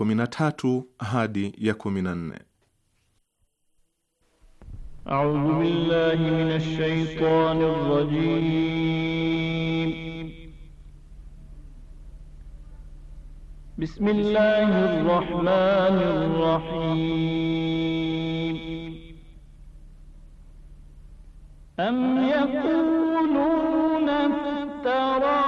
13 hadi ya 14. A'udhu billahi minash shaitani rrajim. Bismillahir rahmanir rahim. Am yakuluna iftara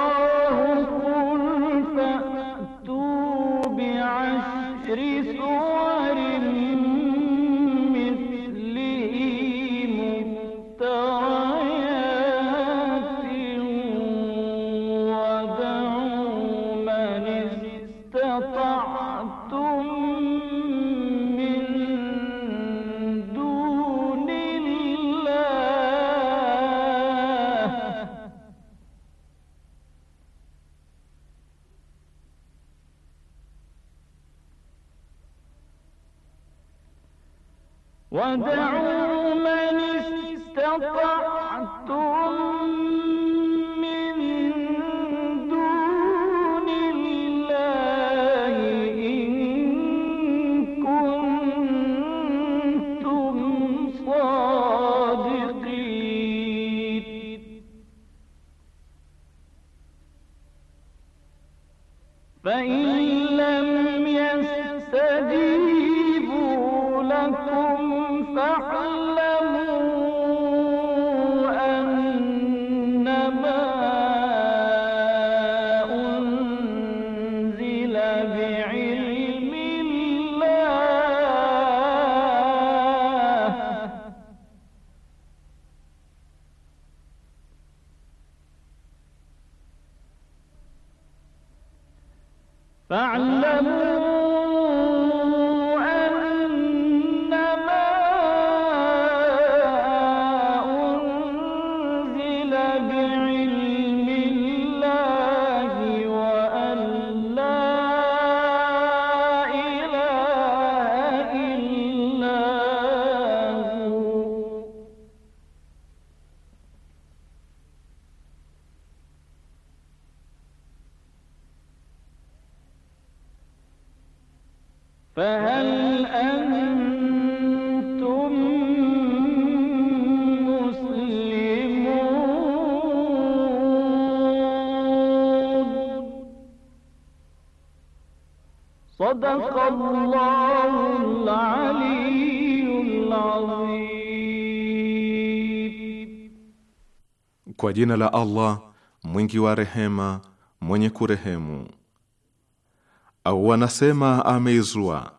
jina la Allah mwingi wa rehema, mwenye kurehemu. Au wanasema ameizua.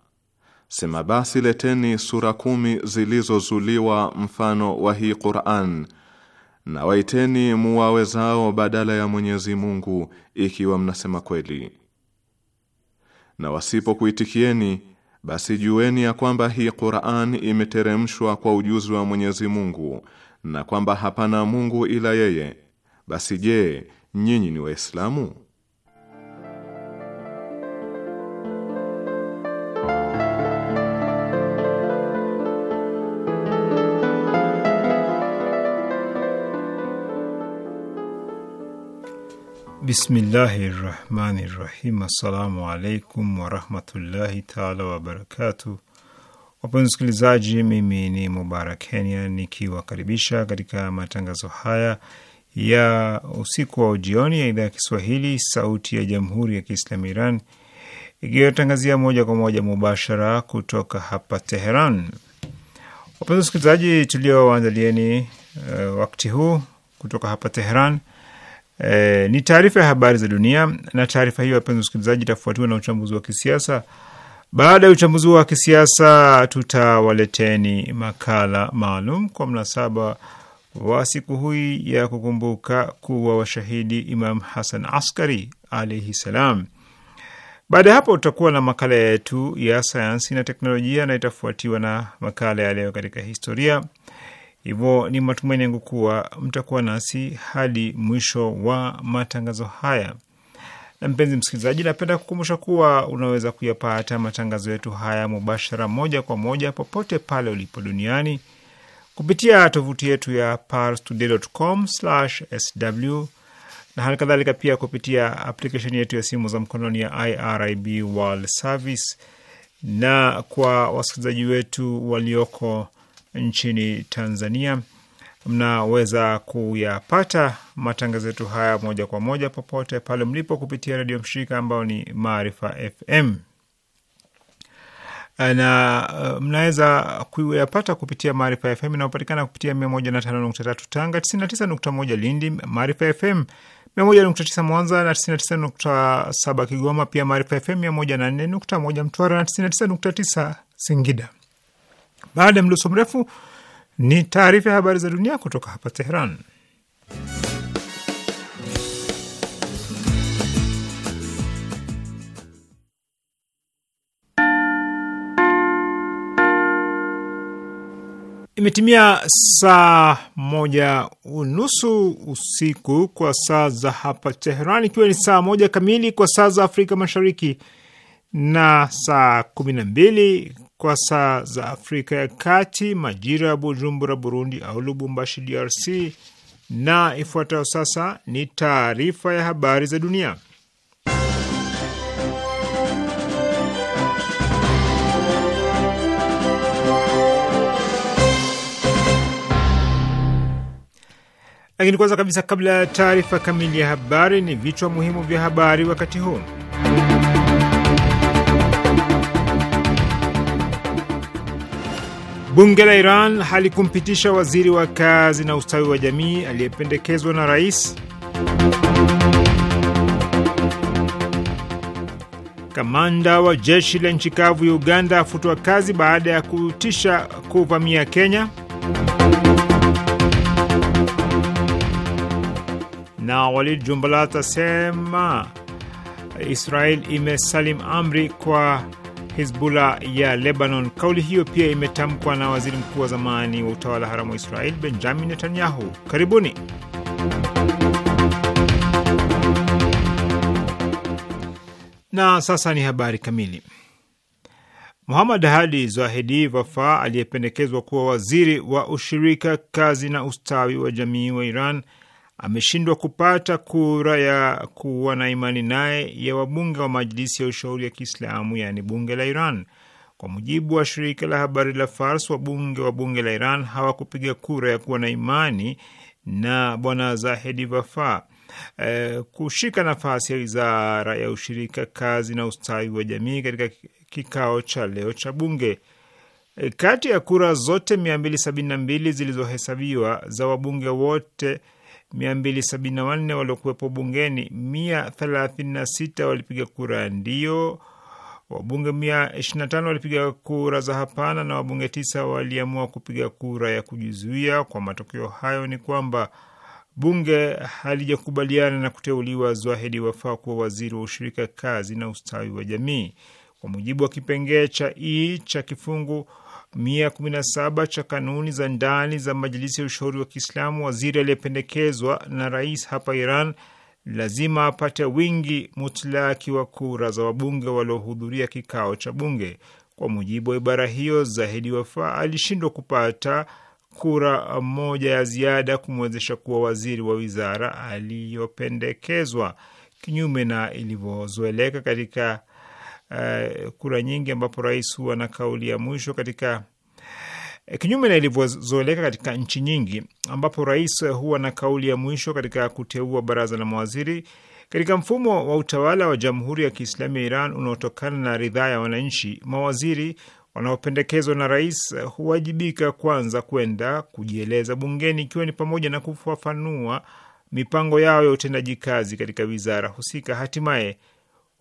Sema basi, leteni sura kumi zilizozuliwa mfano wa hii Qur'an, na waiteni muwawezao badala ya Mwenyezi Mungu, ikiwa mnasema kweli. Na wasipokuitikieni basi jueni ya kwamba hii Qur'an imeteremshwa kwa ujuzi wa Mwenyezi Mungu na kwamba hapana Mungu ila yeye. Basi je, nyinyi ni Waislamu? Bismillahi rahmani rahim. Assalamu alaikum warahmatullahi taala wabarakatu Wapenzi msikilizaji, mimi ni Mubarak Kenya nikiwakaribisha katika matangazo haya ya usiku wa ujioni ya idhaa ya Kiswahili sauti ya jamhuri ya Kiislamu Iran ikiyotangazia moja kwa moja mubashara kutoka hapa Teheran. Wapenzi msikilizaji tulioandalieni uh, eh, wakti huu kutoka hapa Teheran E, ni taarifa ya habari za dunia, na taarifa hiyo wapenzi wasikilizaji, itafuatiwa na uchambuzi wa kisiasa. Baada ya uchambuzi wa kisiasa, tutawaleteni makala maalum kwa mnasaba wa siku hii ya kukumbuka kuwa washahidi Imam Hasan Askari alaihi salam. Baada ya hapo, tutakuwa na makala yetu ya sayansi na teknolojia na itafuatiwa na makala ya leo katika historia Hivyo ni matumaini yangu kuwa mtakuwa nasi hadi mwisho wa matangazo haya. Na mpenzi msikilizaji, napenda kukumbusha kuwa unaweza kuyapata matangazo yetu haya mubashara, moja kwa moja, popote pale ulipo duniani kupitia tovuti yetu ya parstoday.com/sw na hali kadhalika pia kupitia aplikesheni yetu ya simu za mkononi ya IRIB World Service, na kwa wasikilizaji wetu walioko nchini Tanzania. Mnaweza kuyapata matangazo yetu haya moja kwa moja popote pale mlipo kupitia redio mshirika ambao ni Maarifa FM na uh, mnaweza kuyapata kupitia Maarifa FM inayopatikana kupitia 105.3 Tanga, 99.1 Lindi, Maarifa FM 101.9 Mwanza na 99.7 Kigoma, pia Maarifa FM 104.1 Mtwara na 99.9 Singida. Baada ya mdoso mrefu ni taarifa ya habari za dunia kutoka hapa Teheran. Imetimia saa moja unusu usiku kwa saa za hapa Teheran, ikiwa ni saa moja kamili kwa saa za Afrika Mashariki na saa kumi na mbili kwa saa za Afrika ya Kati, majira ya Bujumbura Burundi au Lubumbashi DRC. Na ifuatayo sasa ni taarifa ya habari za dunia, lakini kwanza kabisa, kabla ya taarifa kamili ya habari, ni vichwa muhimu vya habari wakati huu. Bunge la Iran halikumpitisha waziri wa kazi na ustawi wa jamii aliyependekezwa na rais. Kamanda wa jeshi la nchi kavu ya Uganda afutwa kazi baada ya kutisha kuvamia Kenya. Na Walid Jumbalat asema Israel imesalim amri kwa Hizbullah ya Lebanon. Kauli hiyo pia imetamkwa na waziri mkuu wa zamani wa utawala haramu wa Israel, Benjamin Netanyahu. Karibuni. Na sasa ni habari kamili. Muhamad Hadi Zahidi Vafa aliyependekezwa kuwa waziri wa ushirika, kazi na ustawi wa jamii wa Iran ameshindwa kupata kura ya kuwa na imani naye ya wabunge wa Majlisi ya Ushauri ya Kiislamu, yaani bunge la Iran. Kwa mujibu wa shirika la habari la Fars, wabunge wa bunge la Iran hawakupiga kura ya kuwa na imani na bwana Zahedi Vafa e, eh, kushika nafasi ya wizara ya ushirika, kazi na ustawi wa jamii katika kikao cha leo cha bunge. E, kati ya kura zote 272 zilizohesabiwa za wabunge wote 274 waliokuwepo bungeni, 136 walipiga kura ndio, wabunge 125 walipiga kura za hapana na wabunge tisa waliamua kupiga kura ya kujizuia. Kwa matokeo hayo ni kwamba bunge halijakubaliana na kuteuliwa Zwahidi Wafaa kuwa waziri wa ushirika, kazi na ustawi wa jamii kwa mujibu wa kipengee cha i e, cha kifungu 117 cha kanuni za ndani za Majilisi ya Ushauri wa Kiislamu, waziri aliyependekezwa na rais hapa Iran lazima apate wingi mutlaki wa kura za wabunge waliohudhuria kikao cha bunge. Kwa mujibu wa ibara hiyo, Zahidi Wafa alishindwa kupata kura moja ya ziada kumwezesha kuwa waziri wa wizara aliyopendekezwa, kinyume na ilivyozoeleka katika uh, kura nyingi, ambapo rais huwa na kauli ya mwisho katika eh, kinyume na ilivyozoeleka katika nchi nyingi, ambapo rais huwa na kauli ya mwisho katika kuteua baraza la mawaziri. Katika mfumo wa utawala wa Jamhuri ya Kiislamu ya Iran unaotokana na ridhaa ya wananchi, mawaziri wanaopendekezwa na rais huwajibika kwanza kwenda kujieleza bungeni, ikiwa ni pamoja na kufafanua mipango yao ya utendaji kazi katika wizara husika. Hatimaye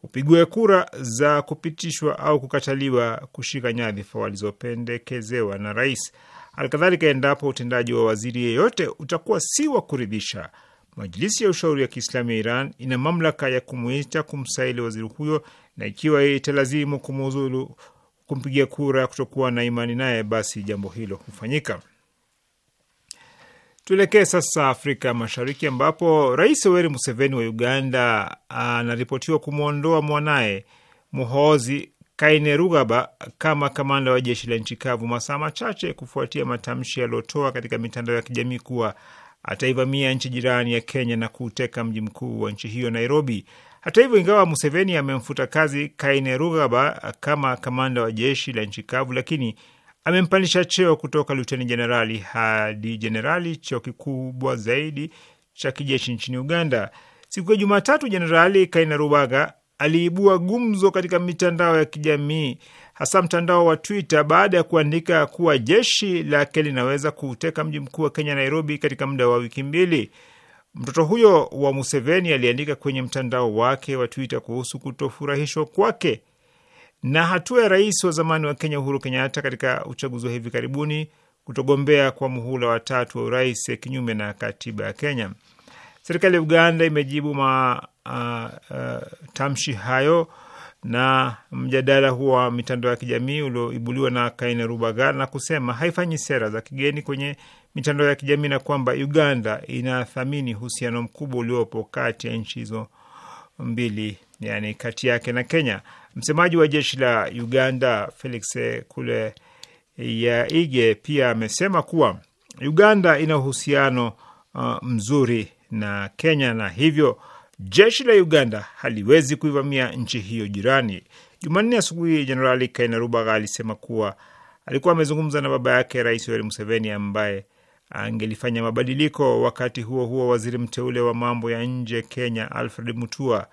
upigwe kura za kupitishwa au kukataliwa kushika nyadhifa walizopendekezewa na rais. Halikadhalika, endapo utendaji wa waziri yeyote utakuwa si wa kuridhisha, majilisi ya ushauri ya Kiislamu ya Iran ina mamlaka ya kumwita kumsaili waziri huyo, na ikiwa italazimu kumuzulu, kumpigia kura kutokuwa na imani naye, basi jambo hilo hufanyika. Tuelekee sasa Afrika Mashariki, ambapo Rais Yoweri Museveni wa Uganda anaripotiwa kumwondoa mwanaye Muhoozi Kainerugaba kama kamanda wa jeshi la nchi kavu, masaa machache kufuatia matamshi yaliyotoa katika mitandao ya kijamii kuwa ataivamia nchi jirani ya Kenya na kuuteka mji mkuu wa nchi hiyo, Nairobi. Hata hivyo, ingawa Museveni amemfuta kazi Kainerugaba kama kamanda wa jeshi la nchi kavu, lakini amempandisha cheo kutoka luteni jenerali hadi jenerali, cheo kikubwa zaidi cha kijeshi nchini Uganda. Siku ya Jumatatu, Jenerali Kainarubaga aliibua gumzo katika mitandao ya kijamii hasa mtandao wa Twitter baada ya kuandika kuwa jeshi lake linaweza kuuteka mji mkuu wa Kenya, Nairobi, katika muda wa wiki mbili. Mtoto huyo wa Museveni aliandika kwenye mtandao wake wa Twitter kuhusu kutofurahishwa kwake na hatua ya rais wa zamani wa Kenya Uhuru Kenyatta katika uchaguzi wa hivi karibuni kutogombea kwa muhula wa tatu wa urais kinyume na katiba ya Kenya. Serikali ya Uganda imejibu matamshi uh, uh, hayo na mjadala huo wa mitandao ya kijamii ulioibuliwa na Kaine rubaga na kusema haifanyi sera za kigeni kwenye mitandao ya kijamii na kwamba Uganda inathamini uhusiano mkubwa uliopo kati ya nchi hizo mbili, yani kati yake na Kenya. Msemaji wa jeshi la Uganda Felix Kule ya Ige pia amesema kuwa Uganda ina uhusiano uh, mzuri na Kenya na hivyo jeshi la Uganda haliwezi kuivamia nchi hiyo jirani. Jumanne asubuhi, Jenerali Kainarubaga alisema kuwa alikuwa amezungumza na baba yake Rais Yoweri Museveni ambaye angelifanya mabadiliko. Wakati huo huo, waziri mteule wa mambo ya nje Kenya Alfred Mutua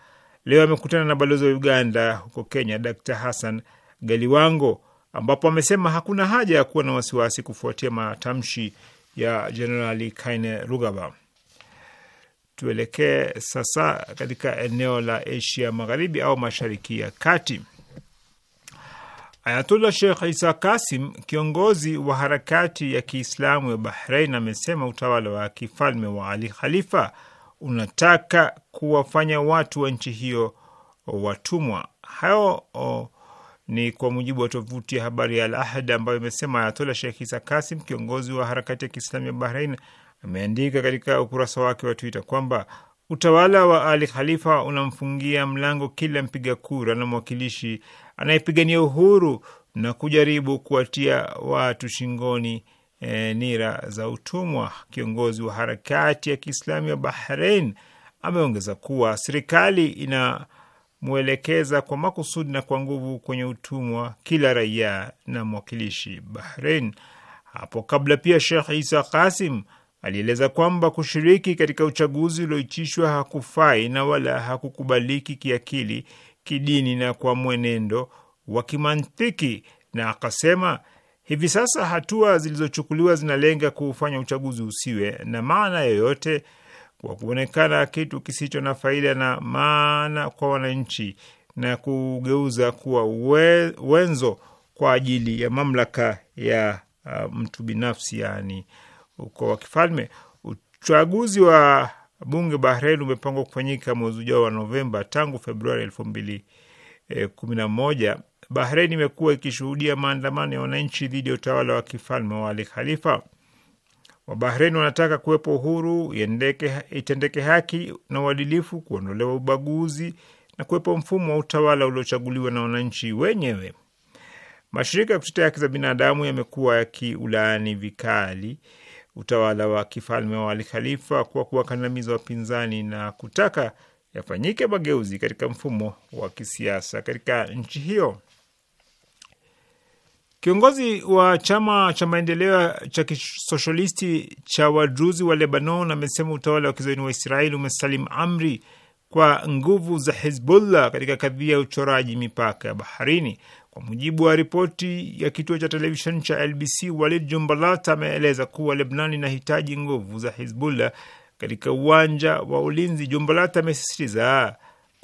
leo amekutana na balozi wa Uganda huko Kenya, Dr Hassan Galiwango, ambapo amesema hakuna haja ya kuwa na wasiwasi kufuatia matamshi ya Jenerali rugaba Tuelekee sasa katika eneo la Asia Magharibi au Mashariki ya Kati. Ayatullah Sheikh Isa Kasim, kiongozi wa harakati ya Kiislamu ya bahrein amesema utawala wa kifalme wa Ali Khalifa unataka kuwafanya watu wa nchi hiyo watumwa. Hayo oh, ni kwa mujibu wa tovuti ya habari ya Al Ahad ambayo imesema Ayatola Sheikh Isa Kasim, kiongozi wa harakati ya Kiislamu ya Bahrain, ameandika katika ukurasa wake wa Twitter kwamba utawala wa Ali Khalifa unamfungia mlango kila mpiga kura na mwakilishi anayepigania uhuru na kujaribu kuwatia watu shingoni e, nira za utumwa. Kiongozi wa harakati ya Kiislamu ya Bahrain ameongeza kuwa serikali inamwelekeza kwa makusudi na kwa nguvu kwenye utumwa kila raia na mwakilishi Bahrain. Hapo kabla pia Sheikh Isa Kasim alieleza kwamba kushiriki katika uchaguzi ulioitishwa hakufai na wala hakukubaliki kiakili, kidini na kwa mwenendo wa kimantiki, na akasema Hivi sasa hatua zilizochukuliwa zinalenga kufanya uchaguzi usiwe na maana yoyote kwa kuonekana kitu kisicho na faida na maana kwa wananchi na kugeuza kuwa we, wenzo kwa ajili ya mamlaka ya uh, mtu binafsi, yaani ukoo wa kifalme. Uchaguzi wa bunge Bahrain umepangwa kufanyika mwezi ujao wa Novemba. Tangu Februari elfu mbili eh, kumi na moja Bahrein imekuwa ikishuhudia maandamano ya wananchi dhidi ya utawala wa kifalme wa Ali Khalifa. Wabahrein wanataka kuwepo uhuru, itendeke haki na uadilifu, kuondolewa ubaguzi na kuwepo mfumo wa utawala uliochaguliwa na wananchi wenyewe. Mashirika ya kutetea haki za binadamu yamekuwa yakiulaani vikali utawala wa kifalme wa Ali Khalifa kwa kuwakandamiza wapinzani na kutaka yafanyike mageuzi katika mfumo wa kisiasa katika nchi hiyo. Kiongozi wa chama cha maendeleo cha kisoshalisti cha wadruzi wa Lebanon amesema utawala wa kizoeni wa Israeli umesalim amri kwa nguvu za Hezbollah katika kadhia ya uchoraji mipaka ya baharini. Kwa mujibu wa ripoti ya kituo cha televisheni cha LBC, Walid Jumbalat ameeleza kuwa Lebanon inahitaji nguvu za Hezbollah katika uwanja wa ulinzi. Jumbalat amesisitiza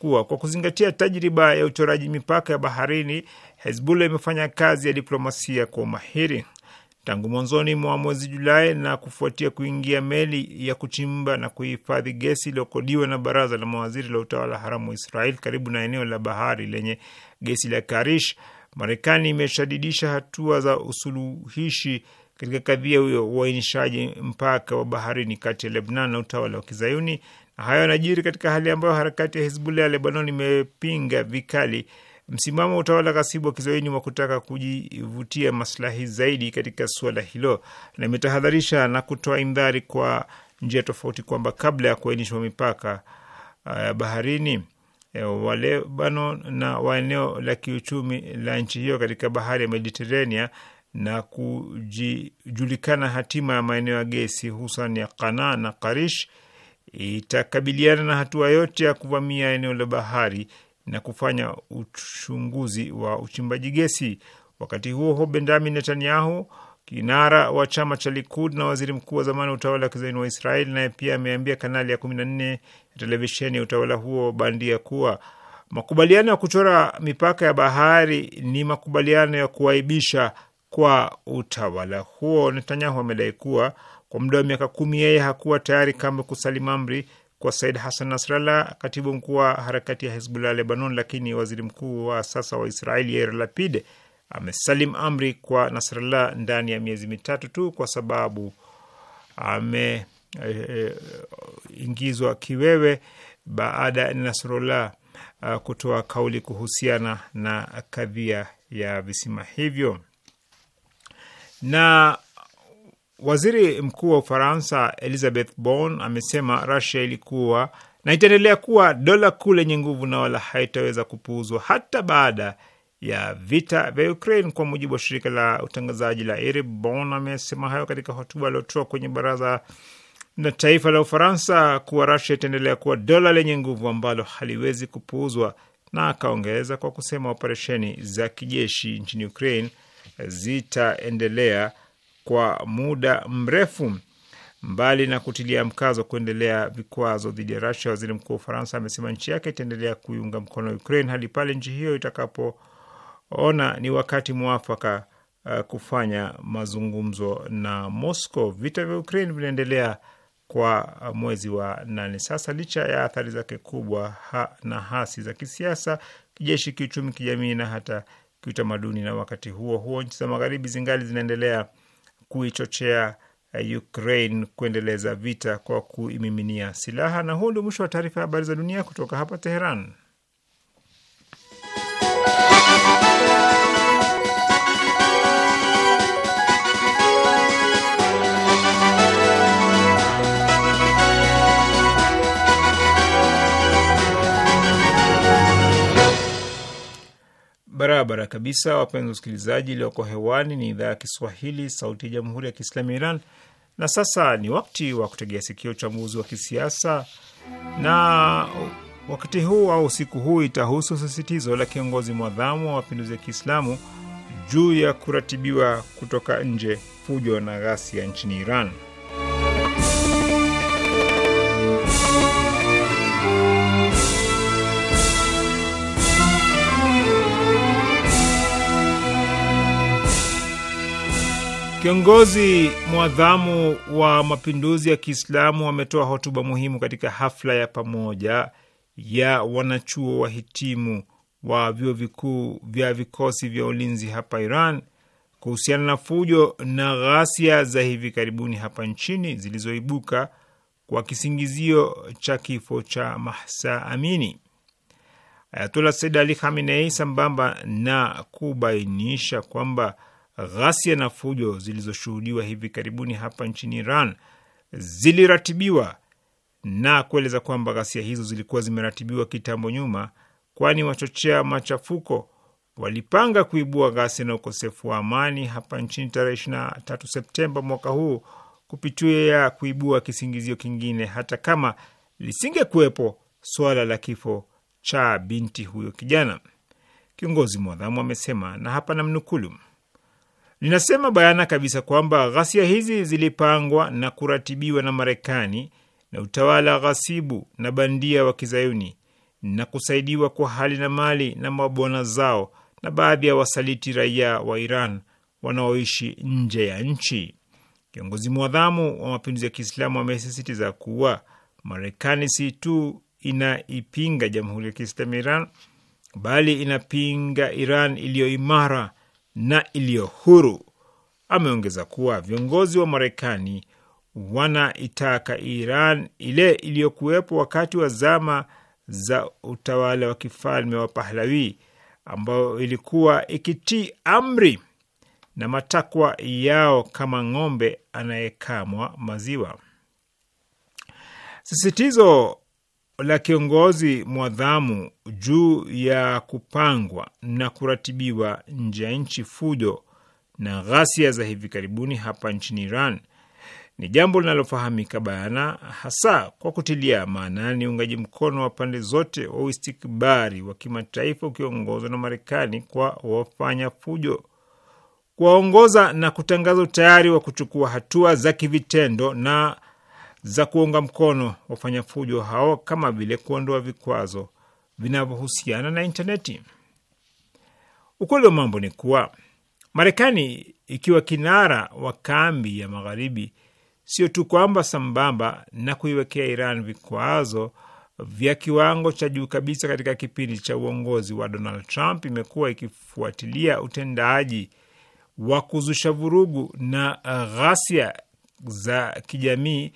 kuwa kwa kuzingatia tajriba ya uchoraji mipaka ya baharini, Hezbollah imefanya kazi ya diplomasia kwa umahiri tangu mwanzoni mwa mwezi Julai na kufuatia kuingia meli ya kuchimba na kuhifadhi gesi iliyokodiwa na baraza la mawaziri la utawala haramu wa Israel karibu na eneo la bahari lenye gesi la Karish, Marekani imeshadidisha hatua za usuluhishi katika kadhia huyo wa uainishaji mpaka wa baharini kati ya Lebnan na utawala wa kizayuni Hayo yanajiri katika hali ambayo harakati ya Hizbullah ya Lebanon imepinga vikali msimamo wa utawala kasibu wa kizayuni wa kutaka kujivutia maslahi zaidi katika suala hilo, na imetahadharisha na kutoa indhari kwa njia tofauti kwamba kabla ya kuainishwa mipaka ya uh, eh, baharini eh, wa Lebanon na wa eneo la kiuchumi la nchi hiyo katika bahari ya Mediterania na kujijulikana hatima ya maeneo ya gesi hususan ya Qana na Karish itakabiliana na hatua yote ya kuvamia eneo la bahari na kufanya uchunguzi wa uchimbaji gesi. Wakati huo huo, Benjamin Netanyahu, kinara wa chama cha Likud na waziri mkuu wa zamani wa utawala wa kizaini wa Israeli, naye pia ameambia kanali ya kumi na nne ya televisheni ya utawala huo bandia kuwa makubaliano ya kuchora mipaka ya bahari ni makubaliano ya kuaibisha kwa utawala huo. Netanyahu amedai kuwa kwa muda wa miaka kumi yeye hakuwa tayari kama kusalimu amri kwa Said Hassan Nasrallah, katibu mkuu wa harakati ya Hezbollah Lebanon, lakini waziri mkuu wa sasa wa Israeli Yair Lapid amesalim amri kwa Nasrallah ndani ya miezi mitatu tu, kwa sababu ameingizwa eh, eh, e, e, kiwewe baada ya Nasrallah eh, kutoa kauli kuhusiana na kadhia ya visima hivyo na Waziri mkuu wa Ufaransa Elizabeth bon amesema rasia ilikuwa na itaendelea kuwa dola kuu lenye nguvu na wala haitaweza kupuuzwa hata baada ya vita vya Ukraine, kwa mujibu wa shirika la utangazaji la IRIB. bon amesema hayo katika hotuba aliotoa kwenye baraza na taifa la Ufaransa kuwa rasia itaendelea kuwa dola lenye nguvu ambalo haliwezi kupuuzwa, na akaongeza kwa kusema operesheni za kijeshi nchini Ukraine zitaendelea kwa muda mrefu. Mbali na kutilia mkazo kuendelea vikwazo dhidi ya Rusia, waziri mkuu wa Ufaransa amesema nchi yake itaendelea kuiunga mkono Ukraine hadi pale nchi hiyo itakapoona ni wakati mwafaka uh, kufanya mazungumzo na Moscow. Vita vya Ukraine vinaendelea kwa mwezi wa nane sasa, licha ya athari zake kubwa ha, na hasi za kisiasa, kijeshi, kiuchumi, kijamii na hata kiutamaduni. Na wakati huo huo, nchi za magharibi zingali zinaendelea kuichochea eh, Ukraine kuendeleza vita kwa kuimiminia silaha. Na huo ndio mwisho wa taarifa ya habari za dunia kutoka hapa Teheran. barabara kabisa, wapenzi wasikilizaji, iliyoko hewani ni idhaa ya Kiswahili, sauti ya jamhuri ya kiislamu ya Iran. Na sasa ni wakati wa kutegea sikio uchambuzi wa kisiasa, na wakati huu au usiku huu itahusu sisitizo la kiongozi mwadhamu wa mapinduzi ya Kiislamu juu ya kuratibiwa kutoka nje fujo na ghasia nchini Iran. Kiongozi mwadhamu wa mapinduzi ya Kiislamu wametoa hotuba muhimu katika hafla ya pamoja ya wanachuo wahitimu wa vyuo vikuu vya vikosi vya ulinzi hapa Iran kuhusiana na fujo na ghasia za hivi karibuni hapa nchini zilizoibuka kwa kisingizio cha kifo cha Mahsa Amini. Ayatullah Said Ali Khamenei, sambamba na kubainisha kwamba ghasia na fujo zilizoshuhudiwa hivi karibuni hapa nchini Iran ziliratibiwa na kueleza kwamba ghasia hizo zilikuwa zimeratibiwa kitambo nyuma, kwani wachochea machafuko walipanga kuibua ghasia na ukosefu wa amani hapa nchini tarehe 23 Septemba mwaka huu kupitia kuibua kisingizio kingine, hata kama lisingekuwepo suala la kifo cha binti huyo kijana. Kiongozi mwadhamu amesema, na hapa namnukulu linasema bayana kabisa kwamba ghasia hizi zilipangwa na kuratibiwa na Marekani na utawala ghasibu na bandia wa kizayuni na kusaidiwa kwa hali na mali na mabwana zao na baadhi ya wasaliti raia wa Iran wanaoishi nje ya nchi. Kiongozi mwadhamu wa mapinduzi ya Kiislamu amesisitiza kuwa Marekani si tu inaipinga jamhuri ya Kiislamu ya Iran bali inapinga Iran iliyo imara na iliyo huru. Ameongeza kuwa viongozi wa Marekani wanaitaka Iran ile iliyokuwepo wakati wa zama za utawala wa kifalme wa Pahlavi, ambayo ilikuwa ikitii amri na matakwa yao kama ng'ombe anayekamwa maziwa. Sisitizo la kiongozi mwadhamu juu ya kupangwa na kuratibiwa nje ya nchi fujo na ghasia za hivi karibuni hapa nchini Iran ni jambo linalofahamika bayana, hasa kwa kutilia maanani uungaji mkono wa pande zote wa uistikbari wa kimataifa ukiongozwa na Marekani kwa wafanya fujo kuwaongoza na kutangaza utayari wa kuchukua hatua za kivitendo na za kuunga mkono wafanya fujo hao kama vile kuondoa vikwazo vinavyohusiana na intaneti. Ukweli wa mambo ni kuwa Marekani ikiwa kinara wa kambi ya Magharibi, sio tu kwamba sambamba na kuiwekea Iran vikwazo vya kiwango cha juu kabisa katika kipindi cha uongozi wa Donald Trump, imekuwa ikifuatilia utendaji wa kuzusha vurugu na ghasia za kijamii,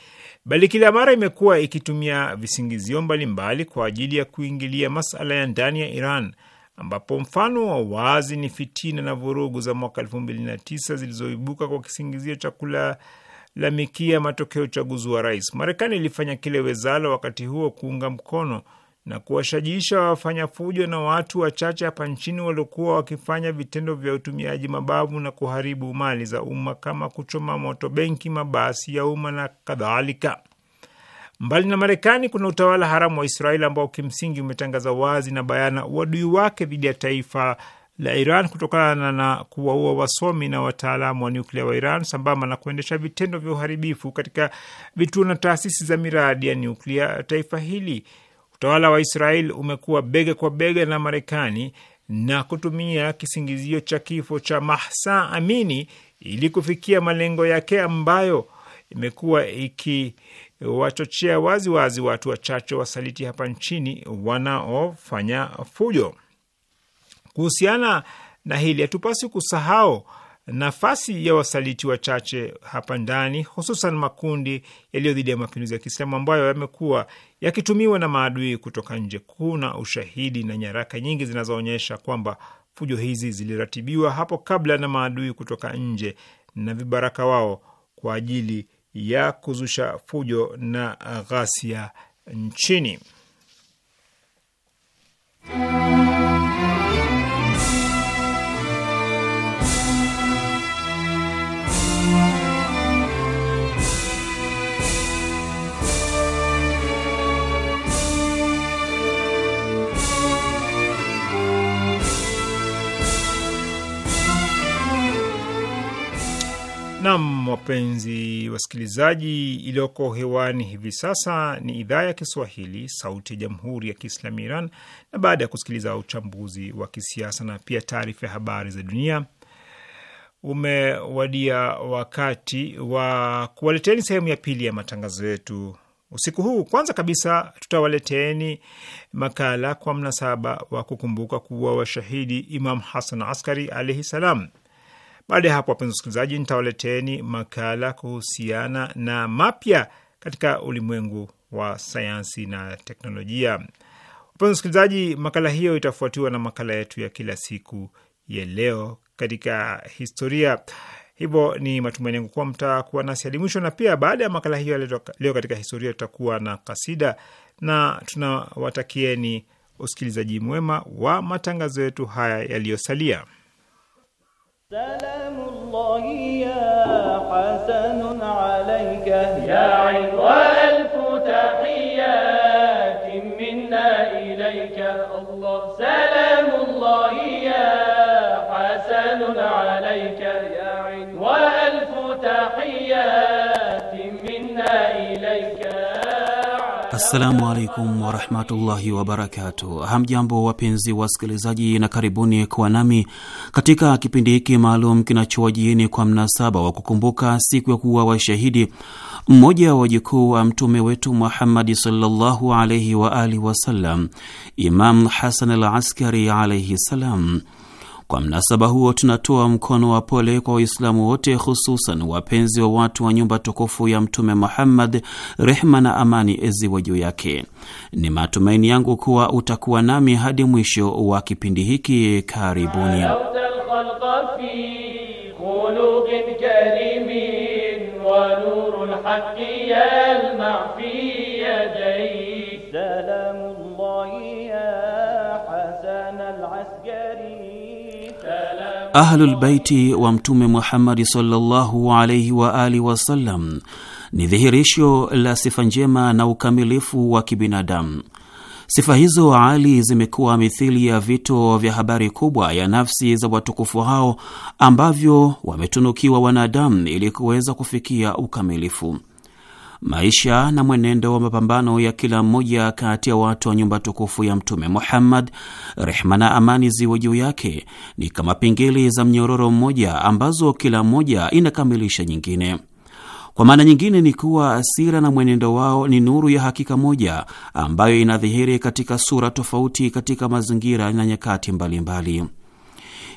bali kila mara imekuwa ikitumia visingizio mbalimbali kwa ajili ya kuingilia masala ya ndani ya Iran, ambapo mfano wa wazi ni fitina na vurugu za mwaka elfu mbili na tisa zilizoibuka kwa kisingizio cha kulalamikia matokeo ya uchaguzi wa rais. Marekani ilifanya kile wezalo wakati huo kuunga mkono na kuwashajiisha wafanya fujo na watu wachache hapa nchini waliokuwa wakifanya vitendo vya utumiaji mabavu na kuharibu mali za umma kama kuchoma moto benki, mabasi ya umma na kadhalika. Mbali na Marekani, kuna utawala haramu wa Israeli ambao kimsingi umetangaza wazi na bayana uadui wake dhidi ya taifa la Iran kutokana na kuwaua wasomi na wataalamu wa nyuklia wa Iran sambamba na kuendesha vitendo vya uharibifu katika vituo na taasisi za miradi ya nyuklia taifa hili. Utawala wa Israel umekuwa bega kwa bega na Marekani na kutumia kisingizio cha kifo cha Mahsa Amini ili kufikia malengo yake ambayo imekuwa ikiwachochea waziwazi watu wachache wasaliti hapa nchini wanaofanya fujo. Kuhusiana na hili, hatupasi kusahau nafasi ya wasaliti wachache hapa ndani, hususan makundi yaliyo dhidi ya mapinduzi ya Kiislamu ambayo yamekuwa yakitumiwa na maadui kutoka nje. Kuna ushahidi na nyaraka nyingi zinazoonyesha kwamba fujo hizi ziliratibiwa hapo kabla na maadui kutoka nje na vibaraka wao kwa ajili ya kuzusha fujo na ghasia nchini. wapenzi wasikilizaji, iliyoko hewani hivi sasa ni idhaa ya Kiswahili, sauti ya jamhuri ya kiislamu Iran. Na baada ya kusikiliza uchambuzi wa kisiasa na pia taarifa ya habari za dunia, umewadia wakati wa kuwaleteni sehemu ya pili ya matangazo yetu usiku huu. Kwanza kabisa, tutawaleteni makala kwa mnasaba wa kukumbuka kuwa washahidi Imam Hasan Askari alaihi salam. Baada ya hapo, wapenzi wasikilizaji, nitawaleteni makala kuhusiana na mapya katika ulimwengu wa sayansi na teknolojia. Wapenzi wasikilizaji, makala hiyo itafuatiwa na makala yetu ya kila siku ya leo katika historia. Hivyo ni matumaini yangu kuwa mtakuwa nasi hadi mwisho, na pia baada ya makala hiyo leo katika historia tutakuwa na kasida, na tunawatakieni usikilizaji mwema wa matangazo yetu haya yaliyosalia. سلام الله يا حسن عليك يا عيد وألف تحيات منا إليك الله سلام الله يا حسن عليك يا عيد وألف تحيات Assalamu alaikum warahmatullahi wabarakatu Hamjambo wapenzi wasikilizaji, na karibuni kuwa nami katika kipindi hiki maalum kinachowajieni kwa mnasaba wa kukumbuka siku ya kuwa washahidi mmoja wa wajukuu wa mtume wetu Muhammadi sallallahu alaihi waalihi wasallam, Imam Hasan al Askari alaihi salam. Kwa mnasaba huo tunatoa mkono wa pole kwa Waislamu wote hususan wapenzi wa watu wa nyumba tukufu ya Mtume Muhammad, rehma na amani eziwe juu yake. Ni matumaini yangu kuwa utakuwa nami hadi mwisho wa kipindi hiki. Karibuni. Ahlulbaiti wa Mtume Muhammadi sallallahu alaihi wa alihi wasallam ni dhihirisho la sifa njema na ukamilifu wa kibinadamu. Sifa hizo ali zimekuwa mithili ya vito vya habari kubwa ya nafsi za watukufu hao ambavyo wametunukiwa wanadamu ili kuweza kufikia ukamilifu. Maisha na mwenendo wa mapambano ya kila mmoja kati ya watu wa nyumba tukufu ya Mtume Muhammad, rehma na amani ziwe juu yake, ni kama pingili za mnyororo mmoja ambazo kila mmoja inakamilisha nyingine. Kwa maana nyingine ni kuwa sira na mwenendo wao ni nuru ya hakika moja ambayo inadhihiri katika sura tofauti katika mazingira na nyakati mbalimbali mbali.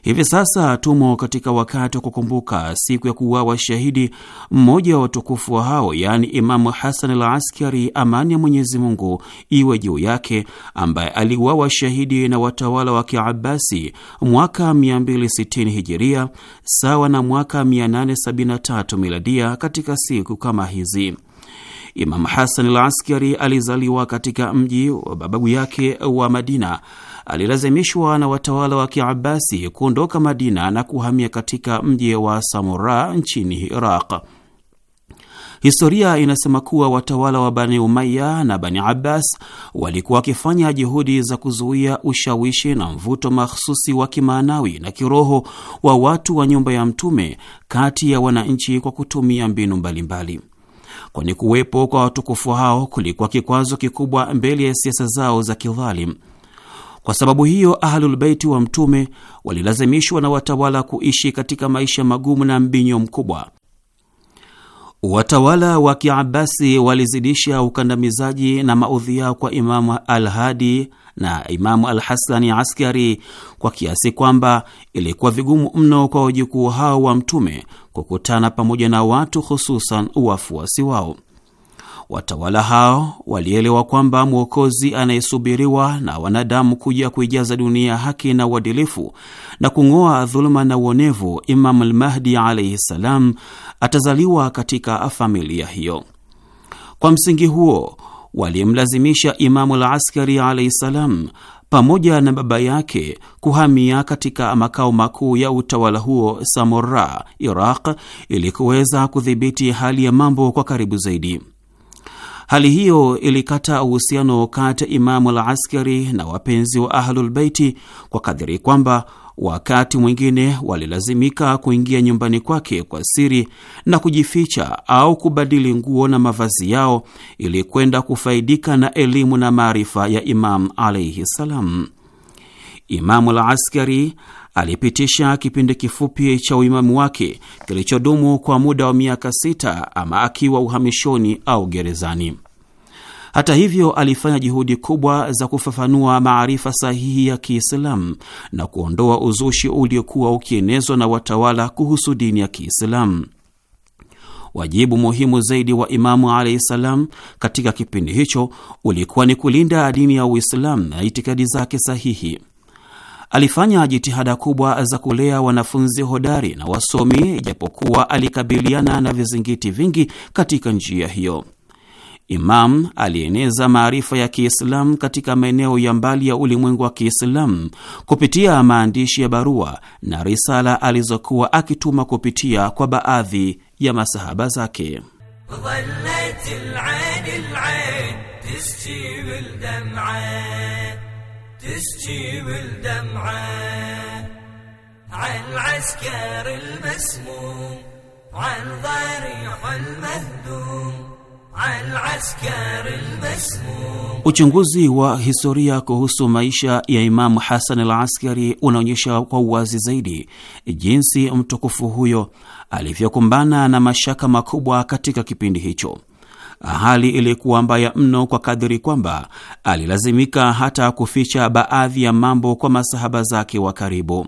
Hivi sasa tumo katika wakati wa kukumbuka siku ya kuuawa shahidi mmoja wa watukufu wa hao, yaani Imamu Hasan al Askari, amani ya Mwenyezi Mungu iwe juu yake, ambaye aliuawa shahidi na watawala wa Kiabasi mwaka 260 Hijiria, sawa na mwaka 873 Miladia, katika siku kama hizi. Imamu Hasan al Askari alizaliwa katika mji wa babu yake wa Madina alilazimishwa na watawala wa Kiabasi kuondoka Madina na kuhamia katika mji wa Samura nchini Iraq. Historia inasema kuwa watawala wa Bani Umaya na Bani Abbas walikuwa wakifanya juhudi za kuzuia ushawishi na mvuto mahsusi wa kimaanawi na kiroho wa watu wa nyumba ya Mtume kati ya wananchi kwa kutumia mbinu mbalimbali, kwani kuwepo kwa watukufu hao kulikuwa kikwazo kikubwa mbele ya siasa zao za kidhalimu. Kwa sababu hiyo Ahlulbeiti wa Mtume walilazimishwa na watawala kuishi katika maisha magumu na mbinyo mkubwa. Watawala wa Kiabasi walizidisha ukandamizaji na maudhi yao kwa Imamu al Hadi na Imamu al Hasani Askari kwa kiasi kwamba ilikuwa vigumu mno kwa wajukuu hao wa Mtume kukutana pamoja na watu, hususan wafuasi wao. Watawala hao walielewa kwamba mwokozi anayesubiriwa na wanadamu kuja kuijaza dunia haki na uadilifu na kung'oa dhuluma na uonevu, Imamu Almahdi alaihi ssalam, atazaliwa katika familia hiyo. Kwa msingi huo walimlazimisha Imamu Alaskari alaihi ssalam pamoja na baba yake kuhamia katika makao makuu ya utawala huo Samora, Iraq, ili kuweza kudhibiti hali ya mambo kwa karibu zaidi. Hali hiyo ilikata uhusiano kati ya Imamu al Askari na wapenzi wa Ahlulbeiti kwa kadhiri kwamba wakati mwingine walilazimika kuingia nyumbani kwake kwa siri na kujificha au kubadili nguo na mavazi yao ili kwenda kufaidika na elimu na maarifa ya Imamu alaihi salam. Imamu la Askari alipitisha kipindi kifupi cha uimamu wake kilichodumu kwa muda wa miaka sita, ama akiwa uhamishoni au gerezani. Hata hivyo alifanya juhudi kubwa za kufafanua maarifa sahihi ya Kiislamu na kuondoa uzushi uliokuwa ukienezwa na watawala kuhusu dini ya Kiislamu. Wajibu muhimu zaidi wa Imamu alaihi salam katika kipindi hicho ulikuwa ni kulinda dini ya Uislamu na itikadi zake sahihi. Alifanya jitihada kubwa za kulea wanafunzi hodari na wasomi, japokuwa alikabiliana na vizingiti vingi katika njia hiyo. Imam alieneza maarifa ya Kiislamu katika maeneo ya mbali ya ulimwengu wa Kiislamu kupitia maandishi ya barua na risala alizokuwa akituma kupitia kwa baadhi ya masahaba zake. تسجي بالدمعة عن العسكر المسموم عن ضريح المهدوم Uchunguzi wa historia kuhusu maisha ya Imamu Hasan al Askari unaonyesha kwa uwazi zaidi jinsi mtukufu huyo alivyokumbana na mashaka makubwa katika kipindi hicho hali ilikuwa mbaya mno kwa kadiri kwamba alilazimika hata kuficha baadhi ya mambo kwa masahaba zake wa karibu.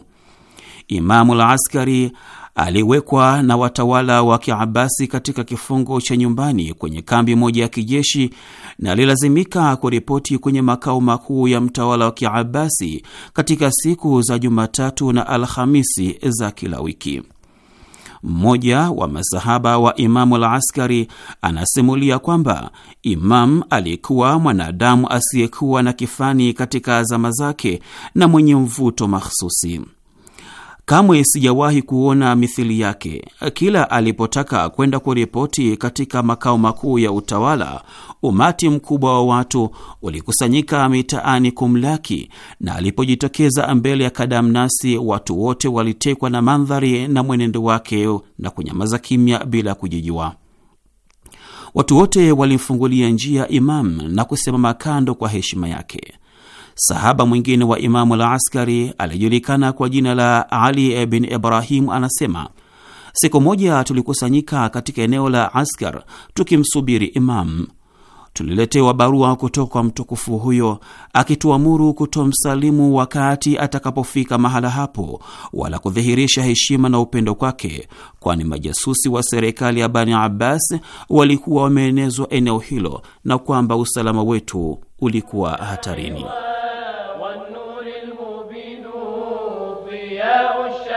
Imamu la Askari aliwekwa na watawala wa Kiabasi katika kifungo cha nyumbani kwenye kambi moja ya kijeshi na alilazimika kuripoti kwenye makao makuu ya mtawala wa Kiabasi katika siku za Jumatatu na Alhamisi za kila wiki. Mmoja wa masahaba wa Imamu al Askari anasimulia kwamba Imamu alikuwa mwanadamu asiyekuwa na kifani katika azama zake na mwenye mvuto mahsusi. Kamwe sijawahi kuona mithili yake. Kila alipotaka kwenda kuripoti katika makao makuu ya utawala, umati mkubwa wa watu ulikusanyika mitaani kumlaki, na alipojitokeza mbele ya kadamnasi, watu wote walitekwa na mandhari na mwenendo wake na kunyamaza kimya bila kujijua. Watu wote walimfungulia njia Imam na kusimama kando kwa heshima yake. Sahaba mwingine wa Imamu la Askari aliyejulikana kwa jina la Ali bin Ibrahim anasema siku moja tulikusanyika katika eneo la Askar tukimsubiri Imamu. Tuliletewa barua kutoka kwa mtukufu huyo akituamuru kutomsalimu wakati atakapofika mahala hapo, wala kudhihirisha heshima na upendo kwake, kwani majasusi wa serikali ya Bani Abbas walikuwa wameenezwa eneo hilo na kwamba usalama wetu ulikuwa hatarini.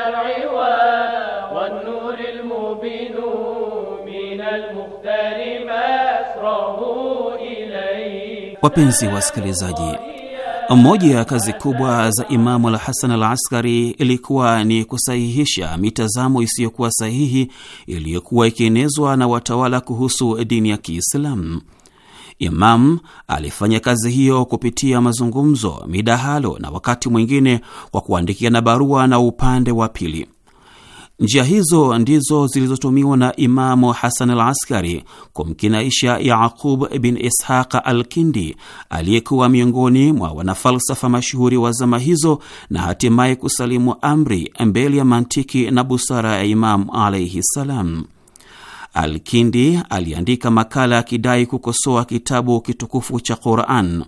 العوى والنور المبين من المختار Wapenzi wasikilizaji, moja ya kazi kubwa za Imamu al-Hasan al-Askari ilikuwa ni kusahihisha mitazamo isiyokuwa sahihi iliyokuwa ikienezwa na watawala kuhusu dini ya Kiislamu. Imam alifanya kazi hiyo kupitia mazungumzo, midahalo na wakati mwingine kwa kuandikiana barua na upande wa pili. Njia hizo ndizo zilizotumiwa na Imamu Hasan al Askari kumkinaisha Yaqub bin Ishaq al Kindi aliyekuwa miongoni mwa wanafalsafa mashuhuri wa zama hizo na hatimaye kusalimu amri mbele ya mantiki na busara ya Imamu alaihi ssalam. Alkindi aliandika makala akidai kukosoa kitabu kitukufu cha Quran.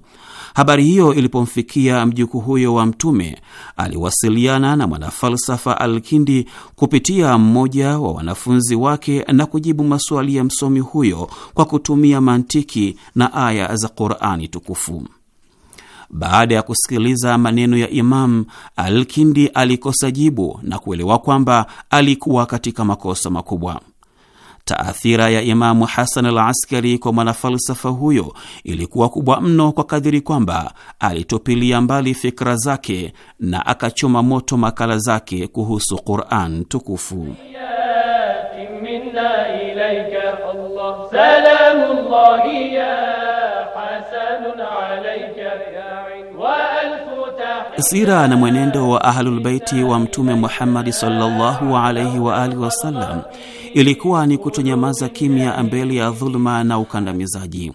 Habari hiyo ilipomfikia mjukuu huyo wa Mtume, aliwasiliana na mwanafalsafa Alkindi kupitia mmoja wa wanafunzi wake na kujibu maswali ya msomi huyo kwa kutumia mantiki na aya za Qurani tukufu. Baada ya kusikiliza maneno ya Imam Alkindi alikosa jibu na kuelewa kwamba alikuwa katika makosa makubwa. Taathira ya Imamu Hasan al Askari kwa mwanafalsafa huyo ilikuwa kubwa mno kwa kadhiri kwamba alitupilia mbali fikra zake na akachoma moto makala zake kuhusu Quran tukufu. Sira na mwenendo wa Ahlulbeiti wa Mtume Muhammadi sallallahu alaihi wa alihi wasallam ilikuwa ni kutonyamaza kimya mbele ya dhuluma na ukandamizaji.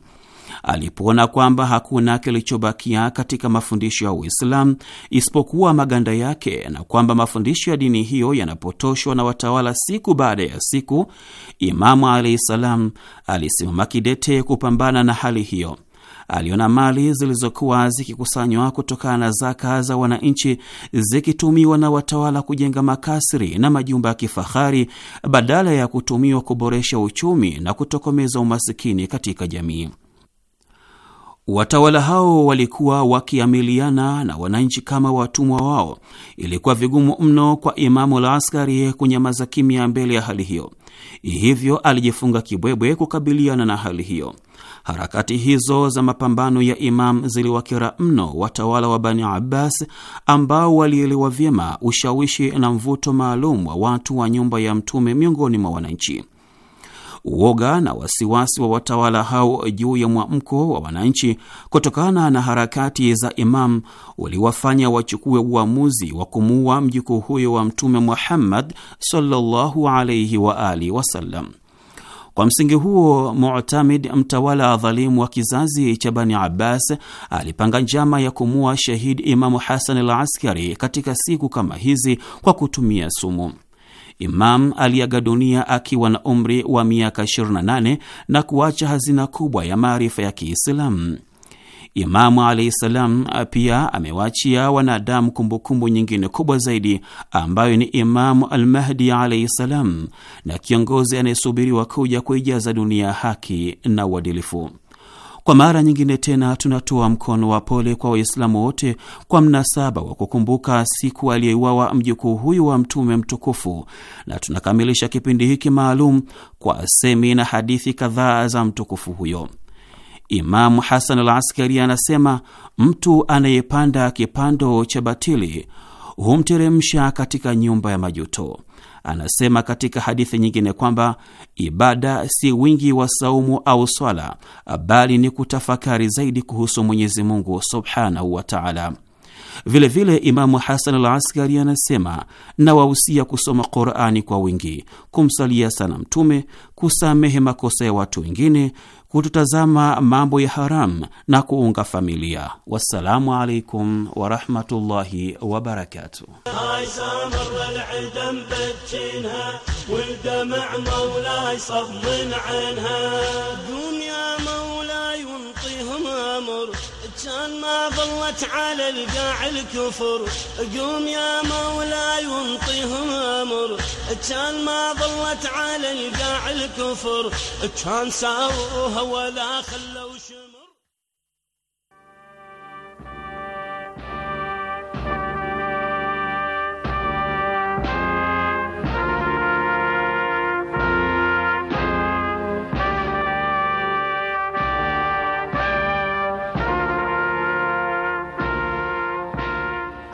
Alipoona kwamba hakuna kilichobakia katika mafundisho ya Uislamu isipokuwa maganda yake na kwamba mafundisho ya dini hiyo yanapotoshwa na watawala siku baada ya siku, Imamu alaihi salam alisimama kidete kupambana na hali hiyo aliona mali zilizokuwa zikikusanywa kutokana na zaka za wananchi zikitumiwa na watawala kujenga makasri na majumba ya kifahari badala ya kutumiwa kuboresha uchumi na kutokomeza umasikini katika jamii. Watawala hao walikuwa wakiamiliana na wananchi kama watumwa wao. Ilikuwa vigumu mno kwa Imamu la Askari kunyamaza kimya mbele ya hali hiyo, hivyo alijifunga kibwebwe kukabiliana na hali hiyo. Harakati hizo za mapambano ya Imam ziliwakera mno watawala wa Bani Abbas ambao walielewa vyema ushawishi na mvuto maalum wa watu wa nyumba ya Mtume miongoni mwa wananchi. Uoga na wasiwasi wa watawala hao juu ya mwamko wa wananchi kutokana na harakati za Imam uliwafanya wachukue uamuzi wa kumuua mjukuu huyo wa Mtume Muhammad sallallahu alaihi wa alihi wasallam. Kwa msingi huo, Mutamid, mtawala dhalimu wa kizazi cha Bani Abbas, alipanga njama ya kumua shahid Imamu Hasan al Askari katika siku kama hizi kwa kutumia sumu. Imam aliaga dunia akiwa na umri wa miaka 28 na kuacha hazina kubwa ya maarifa ya Kiislamu. Imamu alaihi salam pia amewaachia wanadamu kumbukumbu nyingine kubwa zaidi ambayo ni Imamu Almahdi alaihi salam na kiongozi anayesubiriwa kuja kuijaza dunia haki na uadilifu. Kwa mara nyingine tena tunatoa mkono wa pole kwa Waislamu wote kwa mnasaba wa kukumbuka siku aliyeuawa mjukuu huyu wa Mtume mtukufu, na tunakamilisha kipindi hiki maalum kwa semi na hadithi kadhaa za mtukufu huyo. Imamu Hasan al Askari anasema mtu anayepanda kipando cha batili humteremsha katika nyumba ya majuto. Anasema katika hadithi nyingine kwamba ibada si wingi wa saumu au swala, bali ni kutafakari zaidi kuhusu Mwenyezi Mungu subhanahu wa taala. Vilevile Imamu Hasan al Askari anasema nawahusia kusoma Qurani kwa wingi, kumsalia sana Mtume, kusamehe makosa ya watu wengine kututazama mambo ya haram na kuunga familia. Wassalamu alaikum warahmatullahi wabarakatuh. عشان ما ظلت على القاع الكفر قوم يا مولاي وانطيهم امر كان ما ظلت على القاع الكفر كان ساووها ولا خلوا شمر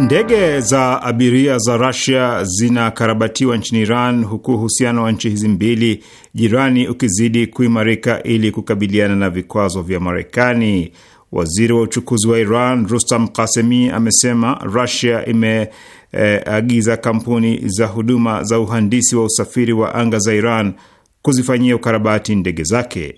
Ndege za abiria za rasia zinakarabatiwa nchini Iran, huku uhusiano wa nchi hizi mbili jirani ukizidi kuimarika ili kukabiliana na vikwazo vya Marekani. Waziri wa uchukuzi wa Iran Rustam Kasemi amesema rasia imeagiza e, kampuni za huduma za uhandisi wa usafiri wa anga za Iran kuzifanyia ukarabati ndege zake.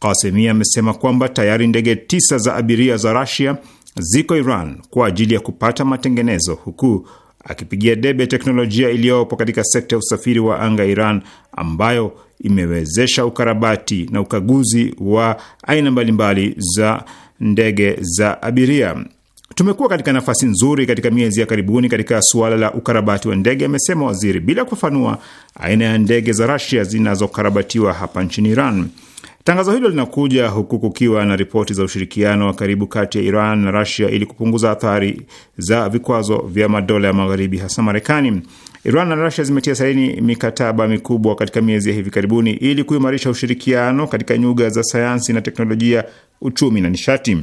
Kasemi amesema kwamba tayari ndege tisa za abiria za rasia ziko Iran kwa ajili ya kupata matengenezo, huku akipigia debe teknolojia iliyopo katika sekta ya usafiri wa anga Iran ambayo imewezesha ukarabati na ukaguzi wa aina mbalimbali za ndege za abiria. Tumekuwa katika nafasi nzuri katika miezi ya karibuni katika suala la ukarabati wa ndege, amesema waziri, bila kufafanua aina ya ndege za Rasia zinazokarabatiwa hapa nchini Iran. Tangazo hilo linakuja huku kukiwa na ripoti za ushirikiano wa karibu kati ya Iran na Rusia ili kupunguza athari za vikwazo vya madola ya magharibi hasa Marekani. Iran na Rusia zimetia saini mikataba mikubwa katika miezi ya hivi karibuni ili kuimarisha ushirikiano katika nyuga za sayansi na teknolojia, uchumi na nishati.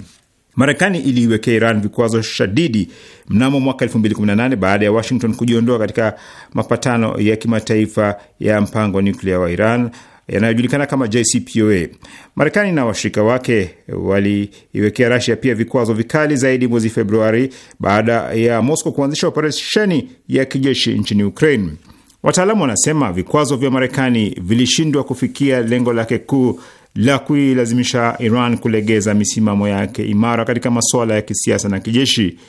Marekani iliiwekea Iran vikwazo shadidi mnamo mwaka 2018 baada ya Washington kujiondoa katika mapatano ya kimataifa ya mpango wa nyuklia wa Iran yanayojulikana kama JCPOA. Marekani na washirika wake waliiwekea Rasia pia vikwazo vikali zaidi mwezi Februari baada ya mosco kuanzisha operesheni ya kijeshi nchini Ukraine. Wataalamu wanasema vikwazo vya Marekani vilishindwa kufikia lengo lake kuu la kuilazimisha Iran kulegeza misimamo yake imara katika masuala ya kisiasa na kijeshi.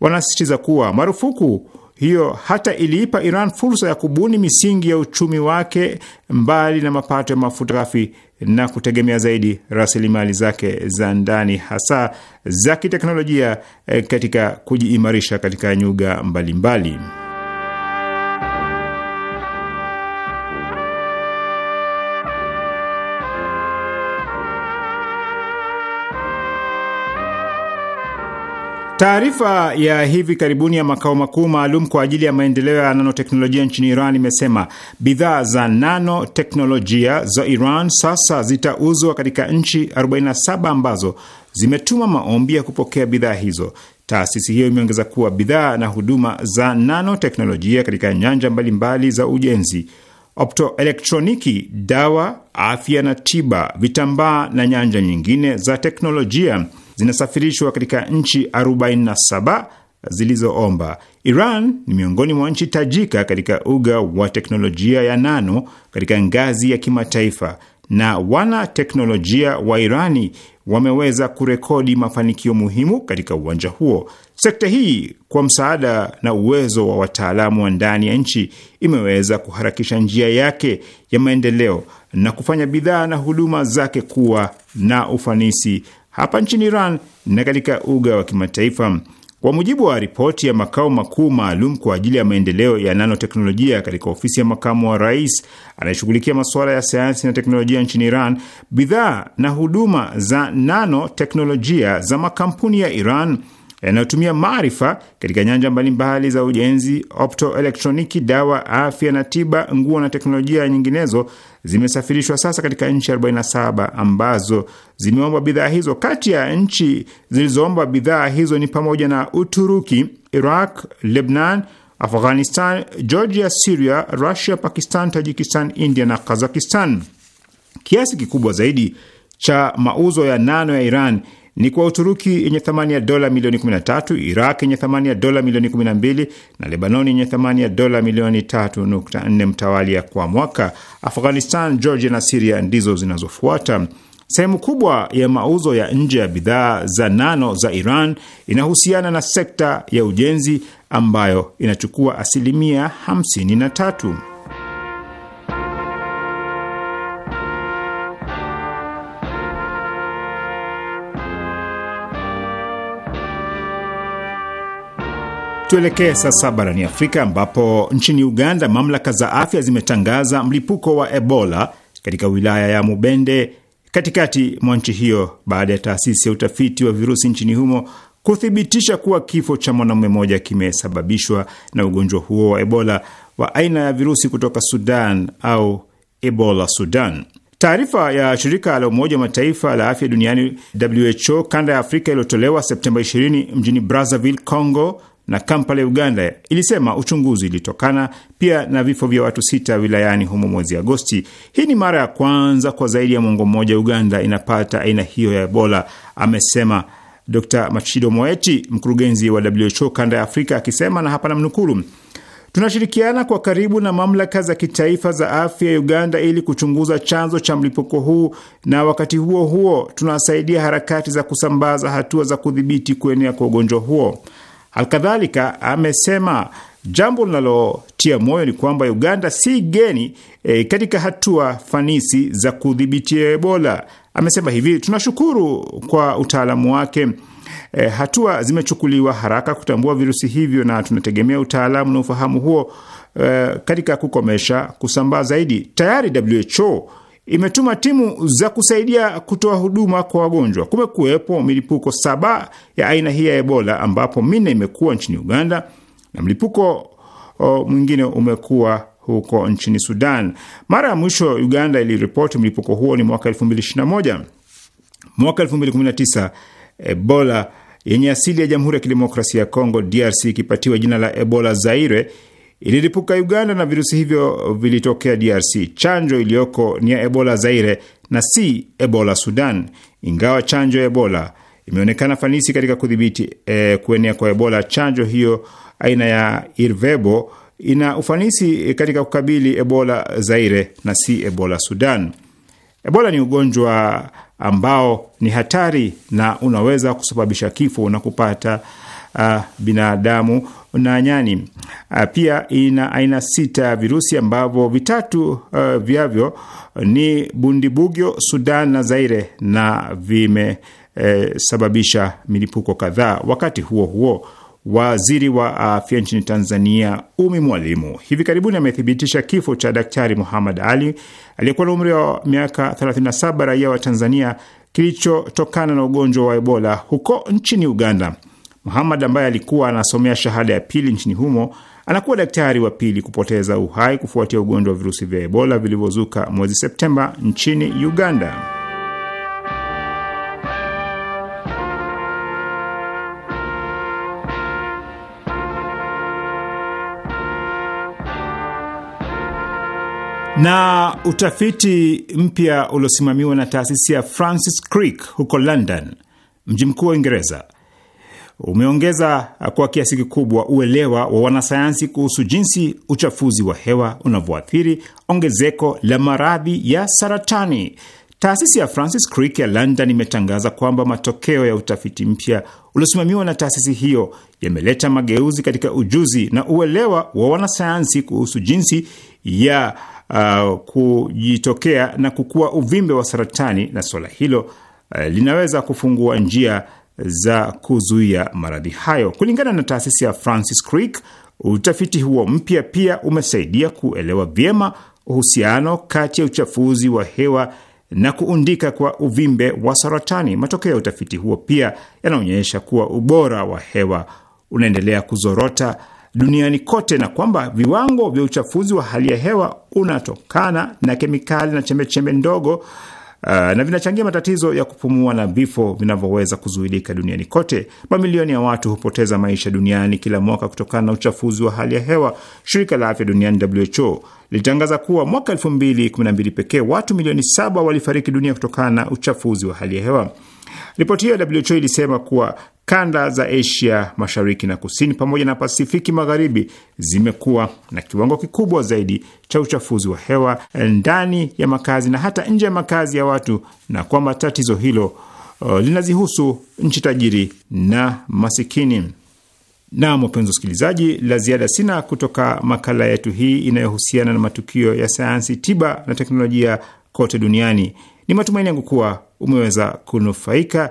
Wanasisitiza kuwa marufuku hiyo hata iliipa Iran fursa ya kubuni misingi ya uchumi wake mbali na mapato ya mafuta ghafi na kutegemea zaidi rasilimali zake za ndani hasa za kiteknolojia eh, katika kujiimarisha katika nyuga mbalimbali mbali. Taarifa ya hivi karibuni ya makao makuu maalum kwa ajili ya maendeleo ya nanoteknolojia nchini Iran imesema bidhaa za nanoteknolojia za Iran sasa zitauzwa katika nchi 47 ambazo zimetuma maombi ya kupokea bidhaa hizo. Taasisi hiyo imeongeza kuwa bidhaa na huduma za nanoteknolojia katika nyanja mbalimbali za ujenzi, optoelektroniki, dawa, afya na tiba, vitambaa na nyanja nyingine za teknolojia zinasafirishwa katika nchi 47 zilizoomba. Iran ni miongoni mwa nchi tajika katika uga wa teknolojia ya nano katika ngazi ya kimataifa, na wanateknolojia wa Irani wameweza kurekodi mafanikio muhimu katika uwanja huo. Sekta hii kwa msaada na uwezo wa wataalamu wa ndani ya nchi imeweza kuharakisha njia yake ya maendeleo na kufanya bidhaa na huduma zake kuwa na ufanisi hapa nchini Iran na katika uga wa kimataifa. Kwa mujibu wa ripoti ya makao makuu maalum kwa ajili ya maendeleo ya nanoteknolojia katika ofisi ya makamu wa rais anayeshughulikia masuala ya sayansi na teknolojia nchini Iran, bidhaa na huduma za nanoteknolojia za makampuni ya Iran yanayotumia maarifa katika nyanja mbalimbali za ujenzi, optoelektroniki, dawa, afya na tiba, nguo na teknolojia nyinginezo zimesafirishwa sasa katika nchi 47 ambazo zimeomba bidhaa hizo. Kati ya nchi zilizoomba bidhaa hizo ni pamoja na Uturuki, Iraq, Lebanon, Afghanistan, Georgia, Syria, Russia, Pakistan, Tajikistan, India na Kazakistan. Kiasi kikubwa zaidi cha mauzo ya nano ya Iran ni kwa Uturuki yenye thamani ya dola milioni 13, Iraq yenye thamani ya dola milioni 12 na Lebanoni yenye thamani ya dola milioni 3.4 mtawalia kwa mwaka. Afghanistan, Georgia na Siria ndizo zinazofuata. Sehemu kubwa ya mauzo ya nje ya bidhaa za nano za Iran inahusiana na sekta ya ujenzi ambayo inachukua asilimia 53. Tuelekee sasa barani Afrika ambapo nchini Uganda mamlaka za afya zimetangaza mlipuko wa Ebola katika wilaya ya Mubende katikati mwa nchi hiyo baada ya taasisi ya utafiti wa virusi nchini humo kuthibitisha kuwa kifo cha mwanamume mmoja kimesababishwa na ugonjwa huo wa Ebola wa aina ya virusi kutoka Sudan au Ebola Sudan. Taarifa ya shirika la Umoja wa Mataifa la afya duniani WHO kanda ya Afrika iliyotolewa Septemba 20 mjini Brazzaville, Congo na Kampala ya Uganda ilisema uchunguzi ilitokana pia na vifo vya watu sita wilayani humo mwezi Agosti. Hii ni mara ya kwanza kwa zaidi ya mwongo mmoja Uganda inapata aina hiyo ya Ebola, amesema Dr Machido Moeti, mkurugenzi wa WHO kanda ya Afrika, akisema na hapa namnukuru: tunashirikiana kwa karibu na mamlaka za kitaifa za afya ya Uganda ili kuchunguza chanzo cha mlipuko huu, na wakati huo huo tunasaidia harakati za kusambaza hatua za kudhibiti kuenea kwa ugonjwa huo. Alkadhalika amesema jambo linalotia moyo ni kwamba Uganda si geni e, katika hatua fanisi za kudhibitia Ebola. Amesema hivi, tunashukuru kwa utaalamu wake e, hatua zimechukuliwa haraka kutambua virusi hivyo na tunategemea utaalamu na ufahamu huo e, katika kukomesha kusambaa zaidi. Tayari WHO imetuma timu za kusaidia kutoa huduma kwa wagonjwa. Kumekuwepo milipuko saba ya aina hii ya Ebola, ambapo minne imekuwa nchini Uganda na mlipuko mwingine umekuwa huko nchini Sudan. Mara ya mwisho Uganda iliripoti mlipuko huo ni mwaka 2021. Mwaka 2019 Ebola yenye asili ya Jamhuri ya Kidemokrasia ya Kongo DRC ikipatiwa jina la Ebola Zaire ililipuka Uganda na virusi hivyo vilitokea DRC. Chanjo iliyoko ni ya Ebola Zaire na si Ebola Sudan, ingawa chanjo ya Ebola imeonekana fanisi katika kudhibiti e, kuenea kwa Ebola. Chanjo hiyo aina ya Irvebo ina ufanisi katika kukabili Ebola Zaire na si Ebola Sudan. Ebola ni ugonjwa ambao ni hatari na unaweza kusababisha kifo na kupata binadamu na nyani. pia ina aina sita ya virusi ambavyo vitatu uh, vyavyo ni bundibugyo, Sudan na Zaire na vimesababisha eh, milipuko kadhaa. Wakati huo huo Waziri wa afya nchini Tanzania Umi Mwalimu hivi karibuni amethibitisha kifo cha Daktari Muhammad Ali aliyekuwa na umri wa miaka 37, raia wa Tanzania, kilichotokana na ugonjwa wa Ebola huko nchini Uganda. Muhammad ambaye alikuwa anasomea shahada ya pili nchini humo anakuwa daktari wa pili kupoteza uhai kufuatia ugonjwa wa virusi vya Ebola vilivyozuka mwezi Septemba nchini Uganda. na utafiti mpya uliosimamiwa na taasisi ya Francis Crick huko London, mji mkuu wa Uingereza, umeongeza kwa kiasi kikubwa uelewa wa wanasayansi kuhusu jinsi uchafuzi wa hewa unavyoathiri ongezeko la maradhi ya saratani. Taasisi ya Francis Crick ya London imetangaza kwamba matokeo ya utafiti mpya uliosimamiwa na taasisi hiyo yameleta mageuzi katika ujuzi na uelewa wa wanasayansi kuhusu jinsi ya uh, kujitokea na kukua uvimbe wa saratani, na suala hilo uh, linaweza kufungua njia za kuzuia maradhi hayo. Kulingana na taasisi ya Francis Crick, utafiti huo mpya pia umesaidia kuelewa vyema uhusiano kati ya uchafuzi wa hewa na kuundika kwa uvimbe wa saratani. Matokeo ya utafiti huo pia yanaonyesha kuwa ubora wa hewa unaendelea kuzorota duniani kote na kwamba viwango vya uchafuzi wa hali ya hewa unatokana na kemikali na chembechembe ndogo Uh, na vinachangia matatizo ya kupumua na vifo vinavyoweza kuzuilika duniani kote. Mamilioni ya watu hupoteza maisha duniani kila mwaka kutokana na uchafuzi wa hali ya hewa. Shirika la afya duniani WHO lilitangaza kuwa mwaka 2012 pekee watu milioni saba walifariki dunia kutokana na uchafuzi wa hali ya hewa. Ripoti hiyo ya WHO ilisema kuwa kanda za Asia mashariki na kusini pamoja na Pasifiki magharibi zimekuwa na kiwango kikubwa zaidi cha uchafuzi wa hewa ndani ya makazi na hata nje ya makazi ya watu, na kwamba tatizo hilo uh, linazihusu nchi tajiri na masikini. Na wapenzi wasikilizaji, la ziada sina kutoka makala yetu hii inayohusiana na matukio ya sayansi, tiba na teknolojia kote duniani. Ni matumaini yangu kuwa umeweza kunufaika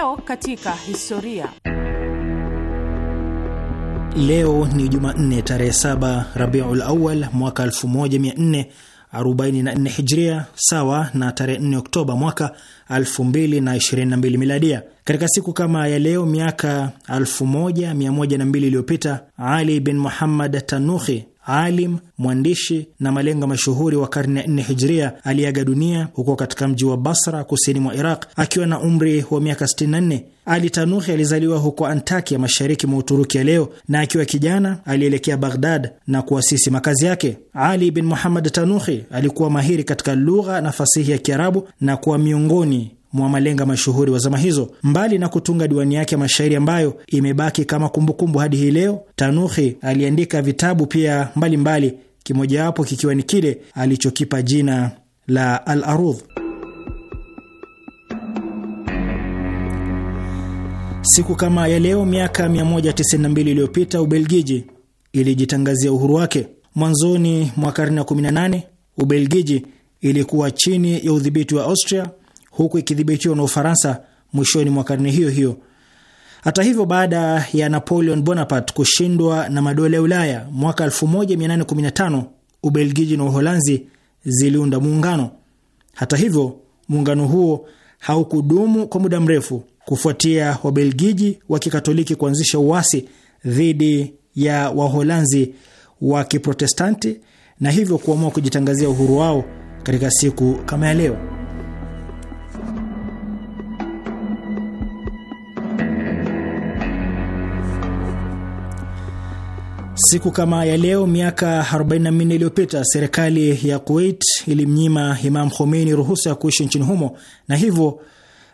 Leo katika historia. Leo ni Jumanne tarehe 7 Rabiul Awal mwaka 1444 Hijria, sawa na tarehe 4 Oktoba mwaka 2022 Miladia. Katika siku kama ya leo miaka 1102 iliyopita, Ali bin Muhammad Tanuhi alim, mwandishi na malenga mashuhuri wa karne ya 4 Hijria, aliaga dunia huko katika mji wa Basra, kusini mwa Iraq, akiwa na umri wa miaka 64. Ali Tanuhi alizaliwa huko Antakia, mashariki mwa Uturuki ya leo, na akiwa kijana alielekea Baghdad na kuasisi makazi yake. Ali bin Muhammad Tanuhi alikuwa mahiri katika lugha na fasihi ya Kiarabu na kuwa miongoni mwa malenga mashuhuri wa zama hizo. Mbali na kutunga diwani yake ya mashairi ambayo imebaki kama kumbukumbu hadi hii leo, Tanuhi aliandika vitabu pia mbalimbali, kimojawapo kikiwa ni kile alichokipa jina la Al Arudh. Siku kama ya leo miaka 192 iliyopita Ubelgiji ilijitangazia uhuru wake. Mwanzoni mwa karne ya 18 Ubelgiji ilikuwa chini ya udhibiti wa Austria huku ikidhibitiwa na Ufaransa mwishoni mwa karne hiyo hiyo. Hata hivyo, baada ya Napoleon Bonaparte kushindwa na madola ya Ulaya mwaka 1815, Ubelgiji na Uholanzi ziliunda muungano. Hata hivyo, muungano huo haukudumu kwa muda mrefu kufuatia Wabelgiji wa Kikatoliki kuanzisha uasi dhidi ya Waholanzi wa Kiprotestanti na hivyo kuamua kujitangazia uhuru wao katika siku kama ya leo. Siku kama ya leo miaka 44 iliyopita serikali ya Kuwait ilimnyima Imam Khomeini ruhusa ya kuishi nchini humo na hivyo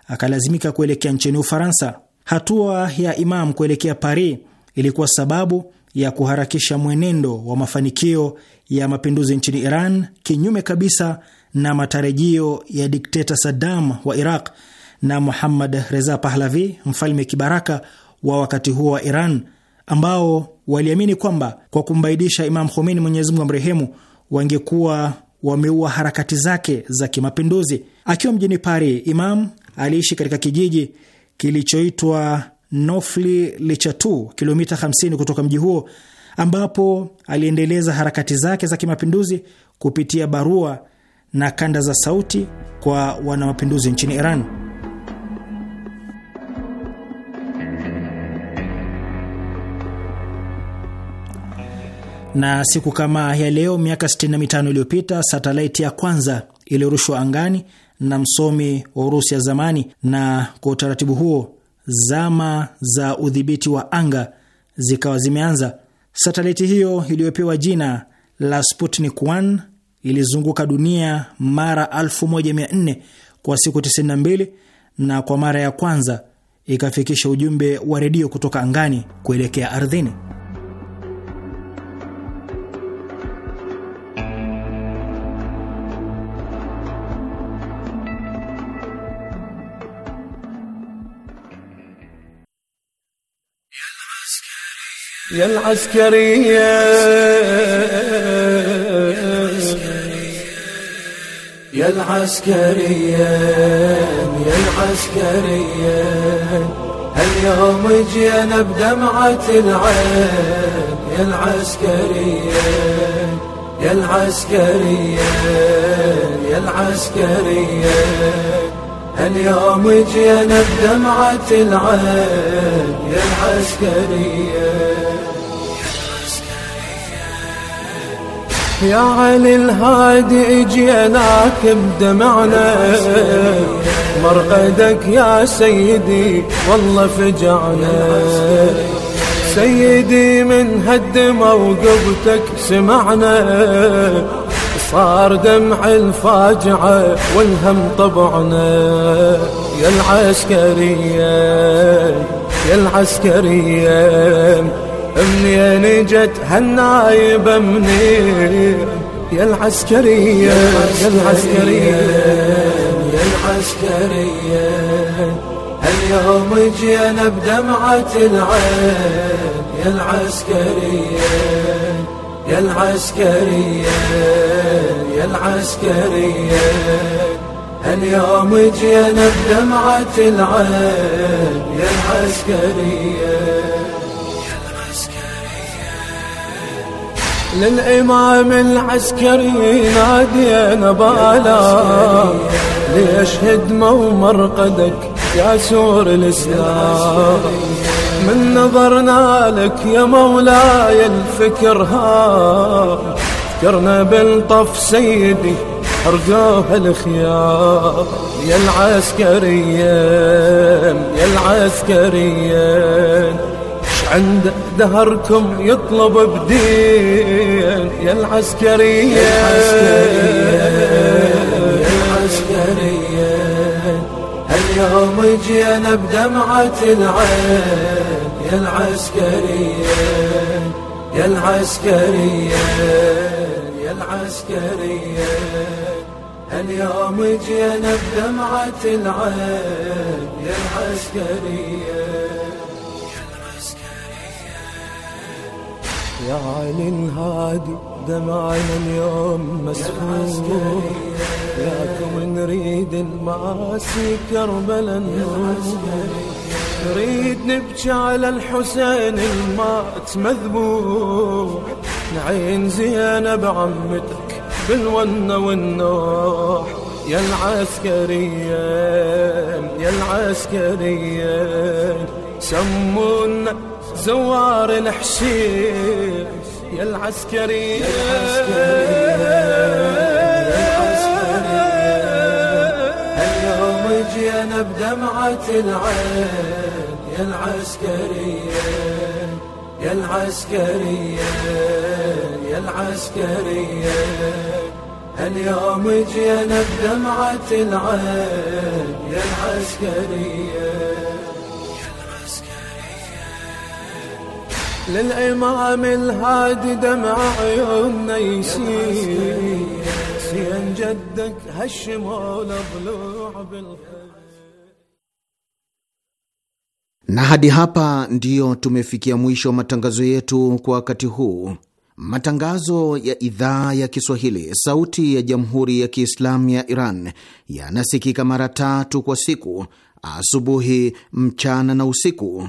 akalazimika kuelekea nchini Ufaransa. Hatua ya Imam kuelekea Paris ilikuwa sababu ya kuharakisha mwenendo wa mafanikio ya mapinduzi nchini Iran, kinyume kabisa na matarajio ya dikteta Saddam wa Iraq na Muhammad Reza Pahlavi, mfalme kibaraka wa wakati huo wa Iran ambao waliamini kwamba kwa kumbaidisha Imam Khomeini, Mwenyezi Mungu amrehemu, wangekuwa wameua harakati zake za kimapinduzi. Akiwa mjini Paris, Imam aliishi katika kijiji kilichoitwa Nofli Lichatu, kilomita 50 kutoka mji huo, ambapo aliendeleza harakati zake za kimapinduzi kupitia barua na kanda za sauti kwa wanamapinduzi nchini Iran. na siku kama ya leo miaka 65 iliyopita satelaiti ya kwanza iliyorushwa angani na msomi wa Urusi ya zamani, na kwa utaratibu huo zama za udhibiti wa anga zikawa zimeanza. Satelaiti hiyo iliyopewa jina la Sputnik 1 ilizunguka dunia mara 1400 kwa siku 92 na kwa mara ya kwanza ikafikisha ujumbe wa redio kutoka angani kuelekea ardhini. يا العسكرية يا العسكرية يا العسكرية اليوم جينا بدمعة العين يا العسكرية يا العسكرية يا العسكرية اليوم جينا بدمعة العين يا العسكرية يا علي الهادي اجيناك بدمعنا مرقدك يا سيدي والله فجعنا سيدي من هالدمى وقبتك سمعنا صار دمع الفاجعة والهم طبعنا يا العسكرية يا العسكرية منين جت هالنايبة منين يا العسكرية يا العسكرية يا العسكرية هاليوم جينا بدمعة العين يا العسكرية يا العسكرية يا العسكرية هاليوم جينا بدمعة العين يا العسكرية للإمام العسكري نادينا بالا ليشهد مو مرقدك يا سور الإسلام من نظرنا لك يا مولاي الفكر ها فكرنا بالطف سيدي أرجوها الخيار يا العسكريين يا العسكريين عند دهركم يطلب بدين يا العسكرية يا العسكرية اليوم جينا بدمعة العين يا العسكرية يا العسكرية يا العسكرية اليوم جينا بدمعة العين يا العسكرية يا عين هادي دمعنا اليوم مسفور لكم نريد المعاسي كربلا نريد نبكي على الحسين المات مذبوح نعين زينب عمتك بالونه والنوح يا العسكريين يا العسكريين سمونا زوار الحشيش يا العسكري يا اليوم جينا بدمعة العين يا العسكرية يا العسكرية يا العسكرية اليوم جينا بدمعة العين يا العسكرية للإمام الهادي دمع عيوننا يسيل سين جدك هشم ضلوع بالخير na hadi hapa ndiyo tumefikia mwisho wa matangazo yetu kwa wakati huu. Matangazo ya idhaa ya Kiswahili sauti ya jamhuri ya Kiislamu ya Iran yanasikika mara tatu kwa siku: asubuhi, mchana na usiku.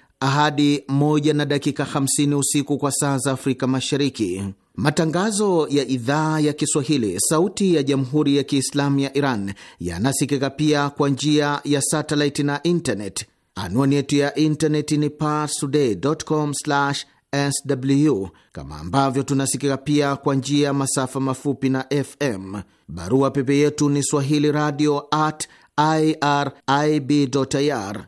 ahadi moja na dakika 50 usiku kwa saa za Afrika Mashariki. Matangazo ya idhaa ya Kiswahili sauti ya Jamhuri ya Kiislamu ya Iran yanasikika pia kwa njia ya satellite na internet. Anwani yetu ya internet ni parstoday.com/sw, kama ambavyo tunasikika pia kwa njia ya masafa mafupi na FM. Barua pepe yetu ni swahili radio at irib.ir